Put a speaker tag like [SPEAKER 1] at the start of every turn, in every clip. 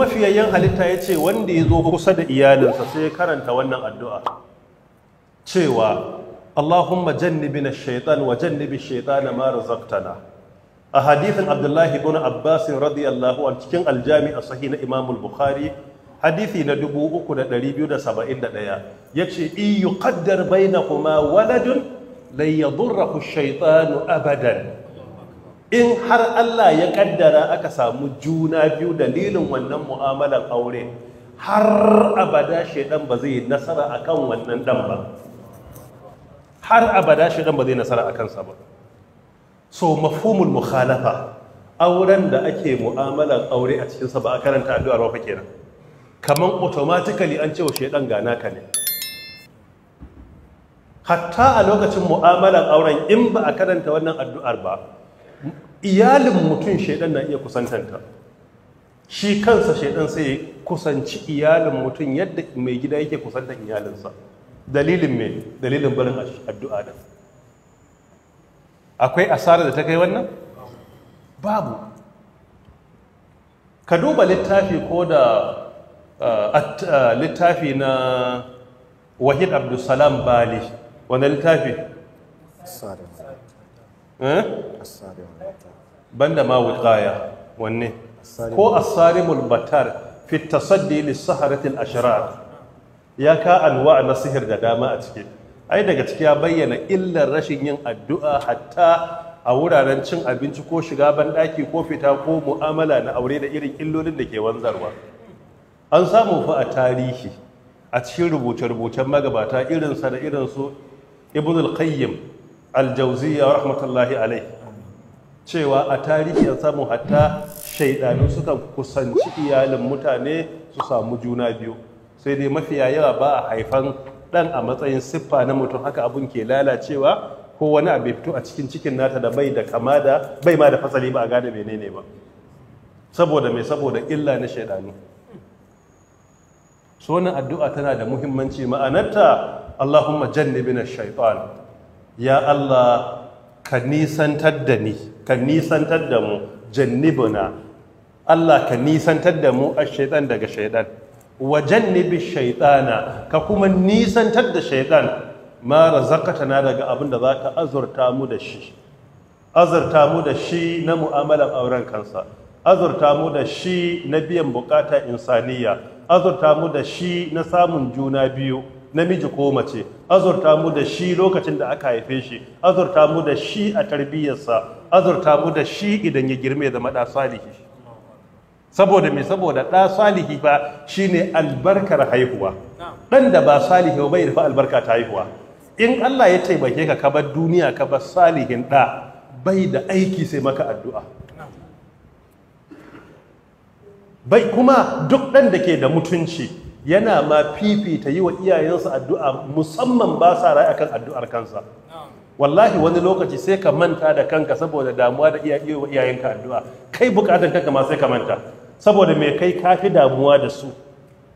[SPEAKER 1] mafiyayyen halitta ya ce wanda ya zo kusa da iyalinsa sai ya karanta wannan addu'a cewa Allahumma jannibi na shaitan wa jannibi shaitan na mara zaftana a hadithin abdullahi ibn abbasin radiyallahu an cikin aljami a sahi na imamul bukhari hadithi na 3271 ya ce iyu kaddar bai na kuma waladun lai ya ku shaitanu abadan in har Allah ya kaddara aka samu juna biyu dalilin wannan mu'amalan aure har abada shaidan ba zai nasara akan wannan dan ba har abada shaidan ba zai nasara akan sa ba so mafhumul mukhalafa auren da ake mu'amalan aure a cikin sa ba a karanta addu'ar ba kenan kaman automatically an cewa shaidan gana ka ne hatta a lokacin mu'amalan auren in ba a karanta wannan addu'ar ba iyalin mutum shaidan na iya kusantanta shi kansa shaidan sai ya kusanci iyalin mutum yadda mai gida yake kusantar iyalinsa dalilin mai dalilin barin addu'a da akwai asarar da ta kai wannan babu ka duba littafi ko da uh, uh, littafi na wahid abdulsalam bali wani littafi Eh? banda ma wukaya wanne ko as batar fi tasaddi lis ashirar. ya ka anwa na sihir da dama a ciki ai daga ciki ya bayyana illar rashin yin addu'a hatta a wuraren cin abinci ko shiga banɗaki ko fita ko mu'amala na aure da irin illolin da ke wanzarwa an samu fa a tarihi a cikin rubuce-rubucen magabata irinsa da irinsu ibn al-qayyim aljauziya rahmatullahi alai cewa a tarihi samu hatta shaidanu suka kusanci iyalin mutane su samu juna biyu sai dai mafiya yawa ba a haifan dan a matsayin siffa na mutum haka abun ke lalacewa ko wani abu fito a cikin cikin nata da bai da kama da bai ma da fasali ba a gane menene ba saboda mai saboda illa na shaidanu so wannan addu'a tana da muhimmanci ma'anarta Allahumma jannibina shaytan ya Allah ka nisantar da ni ka nisantar da mu jannibuna Allah ka nisantar da mu a shaitan daga shaitan wa jannibi shaitana ka kuma nisantar da shaitan ma razaqatana daga abin da zaka azurta mu da shi azurta mu da shi na mu'amalar auren kansa azurta mu da shi na biyan bukata insaniya azurta mu da shi na samun juna biyu namiji ko mace azurta mu da shi lokacin da aka haife shi azurta mu da shi a tarbiyyarsa azurta mu da shi idan ya girme zama ɗa salihi saboda me saboda ɗa salihi ba shine albarkar haihuwa ɗan da ba salihi ba rufe albarka ta haihuwa in Allah ya taimake ka ka duniya ka bar salihin ɗa bai da aiki sai maka addu'a bai kuma duk ɗan da ke da mutunci yana ma fifita yi wa iyayensa addu'a musamman ba sa rai akan addu'ar kansa wallahi wani lokaci sai ka manta da kanka saboda damuwa da iyayen iyayenka addu'a kai bukatan kanka ma sai ka manta saboda mai kai kafi damuwa da su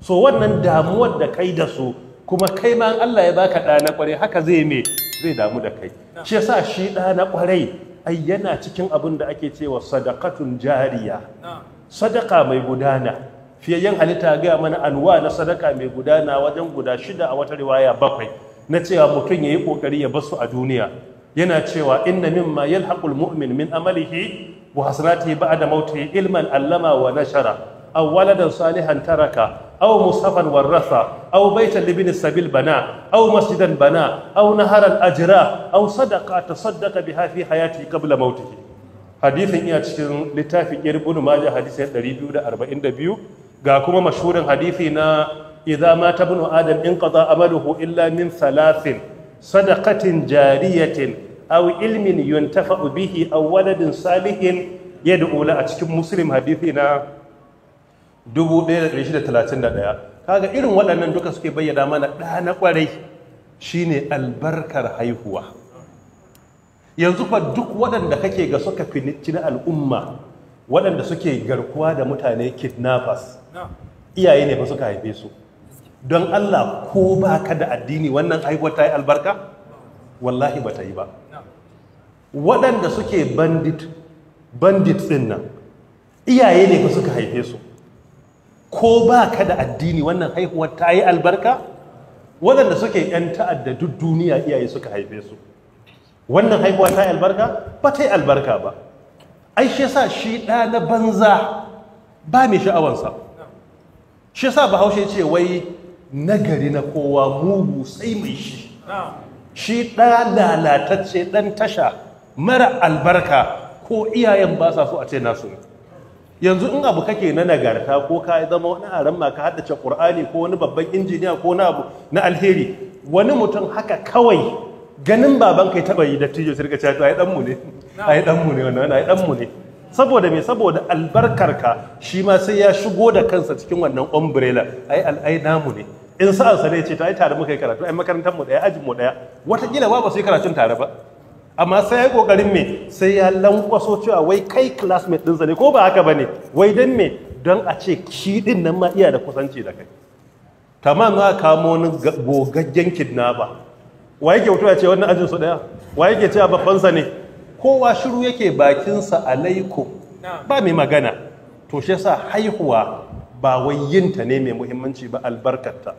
[SPEAKER 1] so wannan damuwar da kai da su kuma kai ma Allah ya baka ɗa na kwarai haka zai me zai damu da kai shi yasa shi ɗa na kwarai ai yana cikin abin da ake cewa sadakatun jariya sadaka mai gudana fiyayyen halitta gaya mana alwa na sadaka mai gudana wajen guda shida a wata riwaya bakwai na cewa mutum ya yi ƙoƙari ya basu a duniya yana cewa inna mimma haƙul mu'min min amalihi wa ba da mauti ilman allama wa nashara aw waladan salihan taraka Au musafan warrasa aw baitan libin sabil bana aw masjidan bana aw naharan ajra aw sadaqa tasaddaqa biha fi hayati kabla mautihi hadisin iya cikin littafin irbunu majah hadisi 242 ga kuma mashhurin hadisi na idza mata ibn adam in qada amaluhu illa min thalathin sadaqatin jariyatin aw ilmin yuntafa'u bihi aw waladin salihin yad'u la a cikin muslim hadisi na 1631 kaga irin waɗannan duka suke bayyana mana ɗa na ƙwarai shine albarkar haihuwa yanzu fa duk waɗanda kake ga suka finici al'umma waɗanda suke garkuwa da mutane kidnappers iyaye ne ba suka haife su don Allah ko ba ka da addini wannan haihuwar ta yi albarka wallahi ba ta yi ba waɗanda suke bandit bandit ɗin nan iyaye ne ba suka haife su ko ba ka da addini wannan haihuwar ta yi albarka waɗanda suke 'yan ta'adda duk duniya iyaye suka haife su wannan haihuwa ta yi albarka ba ta yi albarka ba ai shi yasa shi ɗa na banza ba mai sha'awansa shi yasa bahaushe ce wai nagari na kowa mugu sai mai shi shi ɗa lalatacce ɗan tasha mara albarka ko iyayen ba sa so a ce nasu yanzu in abu kake na nagarta ko ka zama wani aran ma ka haddace ƙur'ani ko wani babban injiniya ko na abu na alheri wani mutum haka kawai ganin baban kai taba yi dattijo sai ka cewa to ai dan ne ai ne wannan ai ne saboda me saboda albarkar ka shi ma sai ya shigo da kansa cikin wannan umbrella ai al'ai namu ne in sa'an sa ne ce ta ai tare muka yi karatu ai makarantar mu daya ajin mu daya watakila ba ba su yi karatun tare ba amma sai ya kokarin me sai ya lankwaso cewa wai kai classmate ɗinsa ne ko ba haka bane wai dan me don a ce shi din nan ma iya da kusanci da kai tamam za kamo wani gogaggen kidnapper wa yake wuto ya ce wannan ajin su daya wa yake cewa sa ne kowa shiru yake bakin sa alaiku ba mai magana to shi yasa haihuwa ba wai yinta ne mai muhimmanci ba albarkarta